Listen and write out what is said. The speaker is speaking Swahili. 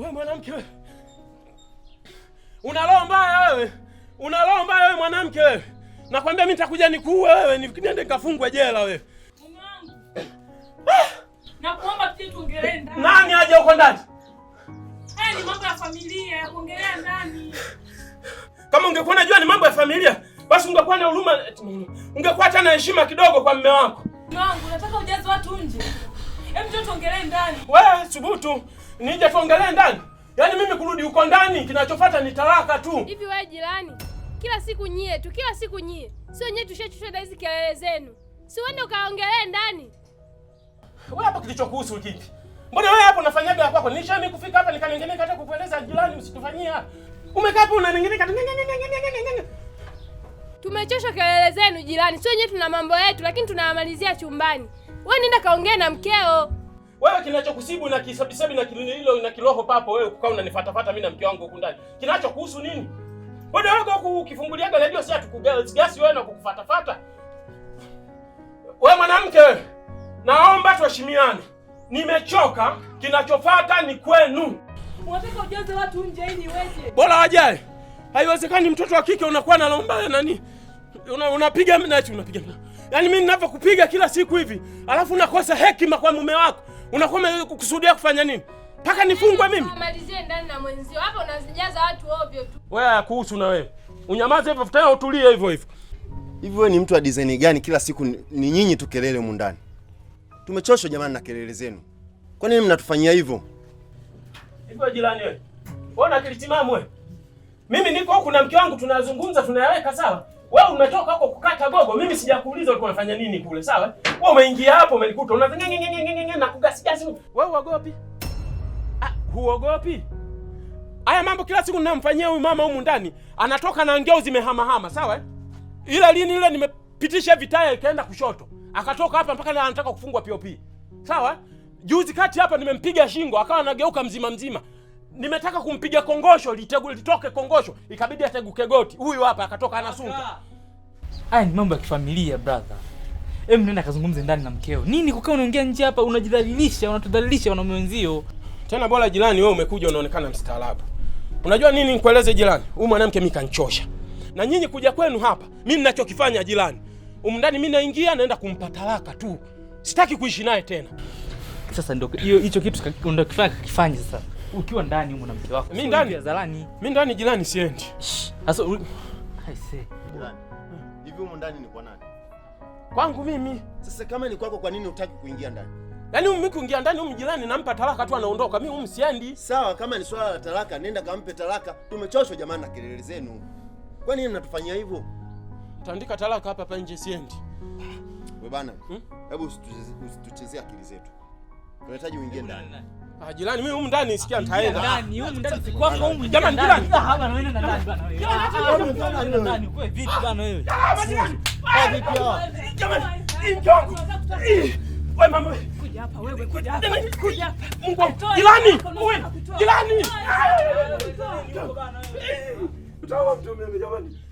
Wewe mwanamke wewe. Una roho mbaya wewe. Una roho mbaya wewe mwanamke wewe. Nakwambia mimi nitakuja nikuue wewe, niende nikafungwe jela wewe. Ah! Nakuomba kitu ongelea ndani. Nani aje huko ndani? Eh, ni mambo ya familia, ongelea ndani. Kama ungekuwa unajua ni mambo ya familia, basi ungekuwa na huruma, ungekuwa hata na heshima kidogo kwa mume wako. Mume wangu, nataka ujaze watu nje. Hebu mtoto ongelea ndani. Wewe, subutu nije tuongelee ndani? Yaani mimi kurudi huko ndani, kinachofuata ni talaka tu. Hivi wewe jirani, kila siku nyie tu, kila siku nyie, sio nyie tushachoshwa na hizi kelele zenu, si uende ukaongelee ndani. Wewe hapa kilichokuhusu kipi? Mbona wewe hapo unafanyaga kwako? Nisha kufika hapa nikaningeneka hata kukueleza jirani usitufanyie. Umekaa hapo unaningeneka. Tumechosha kelele zenu jirani, sio nyie tuna mambo yetu lakini tunamalizia chumbani. Wewe nenda kaongea na mkeo. Wewe kinachokusibu na kisabisabi na hilo na kiroho papo wewe kukaa unanifatafata mimi na mke wangu huko ndani. Kinachokuhusu nini? Bado wako huku ukifunguliaga sasa si atukugasi wewe na kukufatafata. Wewe mwanamke Naomba tuheshimiane. Nimechoka, kinachofuata ni kwenu. Unataka ujaze watu nje ili niweje? Bora wajae. Haiwezekani mtoto wa kike unakuwa na nalomba nani? Unapiga una mimi unapiga. Yaani mimi ninavyokupiga kila siku hivi, alafu unakosa hekima kwa mume wako. Unakuwa umekusudia kufanya nini? Paka nifungwe mimi? Malizie ndani na mwenzio. Hapa unazijaza watu ovyo tu. Wewe kuhusu na wewe. Unyamaze hivyo tena utulie hivyo hivyo. Hivi wewe ni mtu wa design gani? Kila siku ni nyinyi tu kelele humu ndani. Tumechoshwa jamani na kelele zenu. Kwa nini mnatufanyia hivyo? Hivyo jirani wewe. Wewe kilitimamu wewe. Mimi niko huku na mke wangu tunazungumza tunayaweka sawa. Wewe umetoka huko kukata gogo, mimi sijakuuliza ulikuwa unafanya nini kule, sawa? Wewe umeingia hapo umelikuta una na kugasikia simu. Wewe uogopi? Ah, huogopi? Haya mambo kila siku ninamfanyia huyu mama humu ndani, anatoka na ngeo zimehamahama sawa? Ila lini ile nimepitisha vitaya ikaenda kushoto. Akatoka hapa mpaka na anataka kufungwa POP. Sawa? Juzi kati hapa nimempiga shingo akawa anageuka mzima mzima nimetaka kumpiga kongosho litegu, litoke kongosho ikabidi ateguke goti. Huyu hapa akatoka anasunta. Haya ni mambo ya kifamilia brother. hebu nenda kazungumze ndani na mkeo. Nini kukiwa unaongea nje hapa, unajidhalilisha, unatudhalilisha wanaume wenzio. Tena bora jirani, wewe umekuja unaonekana mstaarabu. Unajua nini, nikueleze jirani, huyu mwanamke mimi kanchosha. Na nyinyi kuja kwenu hapa, mimi ninachokifanya jirani, umndani mimi naingia naenda kumpa talaka tu, sitaki kuishi naye tena. Sasa ndio hicho kitu ndio kifanya kifanye sasa ukiwa ndani huko na mke wako. Mimi ndani ya zalani. Mimi ndani jirani siendi. Sasa I say. Jirani. Hivi huko ndani ni kwa nani? Kwangu mimi. Sasa kama ni kwako kwa nini hutaki kuingia ndani? Yaani mimi kuingia ndani huko jirani nampa talaka tu anaondoka. Mimi huko siendi. Sawa kama ni swala la talaka nenda kampe talaka. Tumechoshwa jamani na kelele zenu. Kwa nini mnatufanyia hivyo? Taandika talaka hapa hapa nje siendi. Wewe bana. Hmm? Hebu usituchezee akili zetu. Tunahitaji uingie ndani. Ah, jirani mimi humu ndani sikia nitaenda. Ndani humu ndani sikwako humu. Jamani jirani. Hapa naenda ndani bwana wewe. Jamani naenda ndani kwa vipi bwana wewe? Jamani. Kwa vipi Jamani. Injongo. Wewe mama. Kuja hapa wewe kuja hapa. Kuja hapa. Mungu wangu. Jirani. Wewe. Jirani. Mtawa mtu mimi jamani.